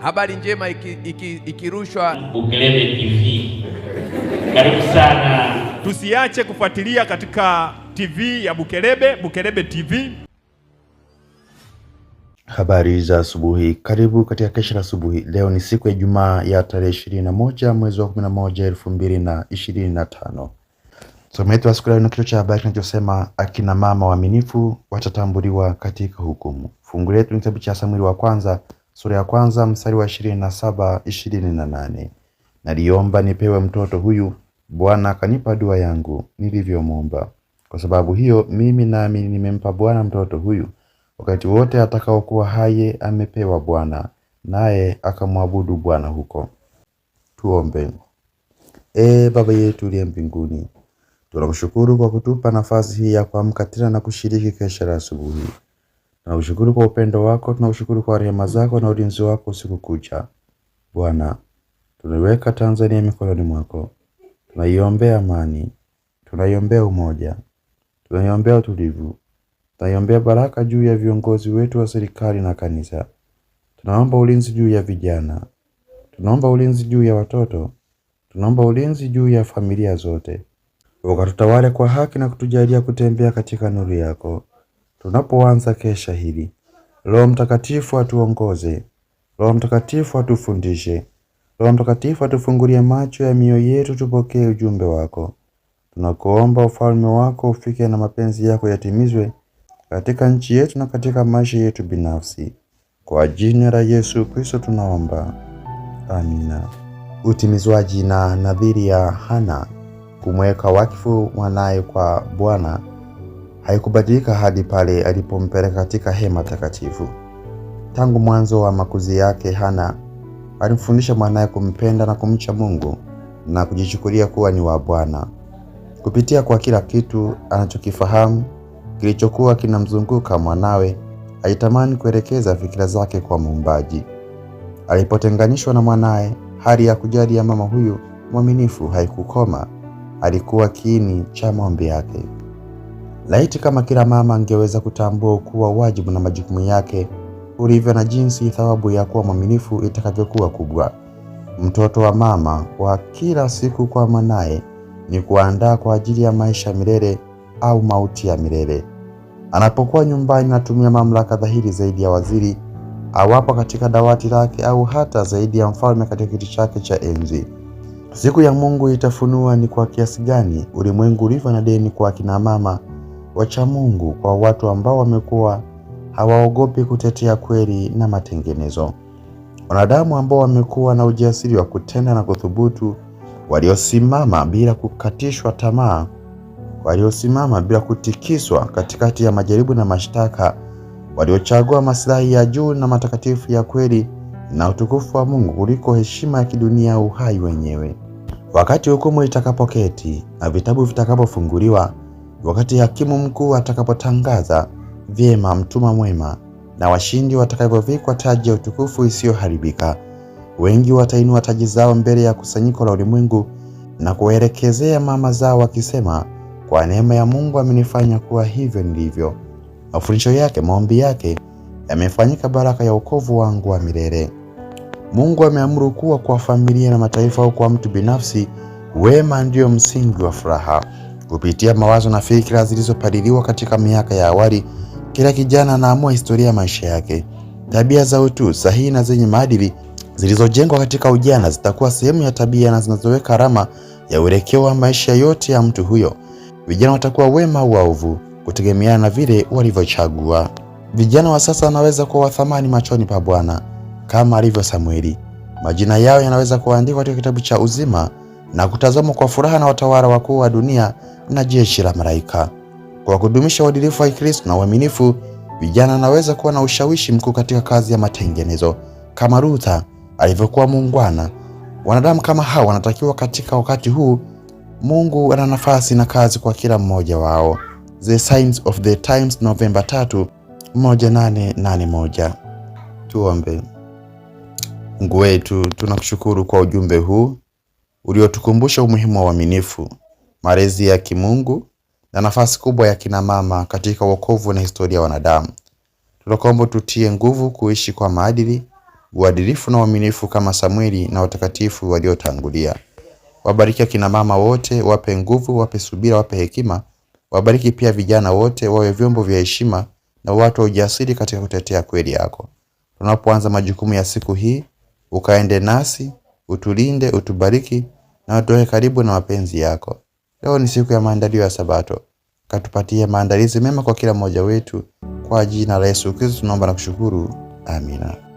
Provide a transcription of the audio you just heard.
Habari njema ikirushwa iki, iki Bukelebe TV. Karibu sana, tusiache kufuatilia katika TV ya Bukelebe, Bukelebe TV. Habari za asubuhi, karibu katika Kesha la Asubuhi. Leo ni siku ya Ijumaa ya tarehe ishirini na moja mwezi wa kumi na moja elfu mbili na ishirini na tano. Somo letu la siku leo ni kichwa cha habari kinachosema akina mama waaminifu watatambuliwa katika hukumu. Fungu letu ni kitabu cha Samueli wa kwanza sura ya kwanza mstari wa ishirini na saba ishirini na nane Naliomba nipewe mtoto huyu, Bwana akanipa dua yangu nilivyomwomba. Kwa sababu hiyo mimi nami nimempa Bwana mtoto huyu, wakati wote atakaokuwa haye amepewa Bwana, naye akamwabudu Bwana huko. Tuombe. E Baba yetu uliye mbinguni, tunakushukuru kwa kutupa nafasi hii ya kuamka tena na kushiriki kesha la asubuhi Tunaushukuru kwa upendo wako, tunaushukuru kwa rehema zako na ulinzi wako usiku kucha. Bwana, tunaiweka Tanzania mikononi mwako, tunaiombea amani, tunaiombea umoja, tunaiombea utulivu, tunaiombea baraka juu ya viongozi wetu wa serikali na kanisa. Tunaomba ulinzi juu ya vijana, tunaomba ulinzi juu ya watoto, tunaomba ulinzi juu ya familia zote, ukatutawale kwa haki na kutujalia kutembea katika nuru yako tunapoanza kesha hili. Roho Mtakatifu atuongoze, Roho Mtakatifu atufundishe, Roho Mtakatifu atufungulie macho ya mioyo yetu, tupokee ujumbe wako. Tunakuomba ufalme wako ufike na mapenzi yako yatimizwe katika nchi yetu na katika maisha yetu binafsi. Kwa jina la Yesu Kristo tunaomba, amina. Utimizwaji na nadhiri ya Hana kumweka wakfu mwanaye kwa Bwana haikubadilika hadi pale alipompeleka katika hema takatifu. Tangu mwanzo wa makuzi yake, Hana alimfundisha mwanaye kumpenda na kumcha Mungu na kujichukulia kuwa ni wa Bwana kupitia kwa kila kitu anachokifahamu kilichokuwa kinamzunguka mwanawe. Alitamani kuelekeza fikira zake kwa Muumbaji. Alipotenganishwa na mwanaye, hali ya kujali ya mama huyu mwaminifu haikukoma. Alikuwa kiini cha maombi yake. Laiti kama kila mama angeweza kutambua kuwa wajibu na majukumu yake ulivyo na jinsi thawabu ya kuwa mwaminifu itakavyokuwa kubwa. Mtoto wa mama wa kila siku kwa mwanaye ni kuandaa kwa ajili ya maisha milele au mauti ya milele. Anapokuwa nyumbani, anatumia mamlaka dhahiri zaidi ya waziri awapo katika dawati lake au hata zaidi ya mfalme katika kiti chake cha enzi. Siku ya Mungu itafunua ni kwa kiasi gani ulimwengu ulivyo na deni kwa kina mama wacha mungu kwa watu ambao wamekuwa hawaogopi kutetea kweli na matengenezo, wanadamu ambao wamekuwa na ujasiri wa kutenda na kuthubutu, waliosimama bila kukatishwa tamaa, waliosimama bila kutikiswa katikati ya majaribu na mashtaka, waliochagua maslahi ya juu na matakatifu ya kweli na utukufu wa Mungu kuliko heshima ya kidunia, uhai wenyewe. Wakati hukumu itakapoketi na vitabu vitakapofunguliwa Wakati hakimu mkuu atakapotangaza vyema mtuma mwema na washindi watakavyovikwa taji ya utukufu isiyoharibika, wengi watainua taji zao mbele ya kusanyiko la ulimwengu na kuwaelekezea mama zao wakisema, kwa neema ya Mungu amenifanya kuwa hivyo nilivyo. Mafundisho yake, maombi yake yamefanyika baraka ya wokovu wangu wa milele. Mungu ameamuru kuwa kwa familia na mataifa au kwa mtu binafsi, wema ndiyo msingi wa furaha. Kupitia mawazo na fikra zilizopadiliwa katika miaka ya awali, kila kijana anaamua historia ya maisha yake. Tabia za utu sahihi na zenye maadili zilizojengwa katika ujana zitakuwa sehemu ya tabia na zinazoweka alama ya uelekeo wa maisha yote ya mtu huyo. Vijana watakuwa wema au waovu kutegemeana na vile walivyochagua. Vijana wa sasa wanaweza kuwa wa thamani machoni pa Bwana kama alivyo Samueli. Majina yao yanaweza kuandikwa katika kitabu cha uzima na kutazamwa kwa furaha na watawala wakuu wa dunia na jeshi la malaika. Kwa kudumisha uadilifu wa Kikristo na uaminifu, vijana anaweza kuwa na ushawishi mkuu katika kazi ya matengenezo. Kama Luther alivyokuwa muungwana, wanadamu kama hawa wanatakiwa katika wakati huu. Mungu ana nafasi na kazi kwa kila mmoja wao. The Signs of the Times, Novemba 3, 1881. Tuombe. Mungu wetu, tunakushukuru kwa ujumbe huu uliotukumbusha umuhimu wa uaminifu, malezi ya kimungu na nafasi kubwa ya kina mama katika wokovu na historia ya wanadamu. Tunakuomba tutie nguvu kuishi kwa maadili, uadilifu na uaminifu kama samweli na watakatifu waliotangulia. Wabariki akina mama wote, wape nguvu, wape subira, wape hekima. Wabariki pia vijana wote, wawe vyombo vya heshima na watu wa ujasiri katika kutetea kweli yako. Tunapoanza majukumu ya siku hii, ukaende nasi utulinde, utubariki na utoe karibu na mapenzi yako. Leo ni siku ya maandalio ya Sabato, katupatie maandalizi mema kwa kila mmoja wetu. Kwa jina la Yesu Kristo tunaomba na kushukuru, amina.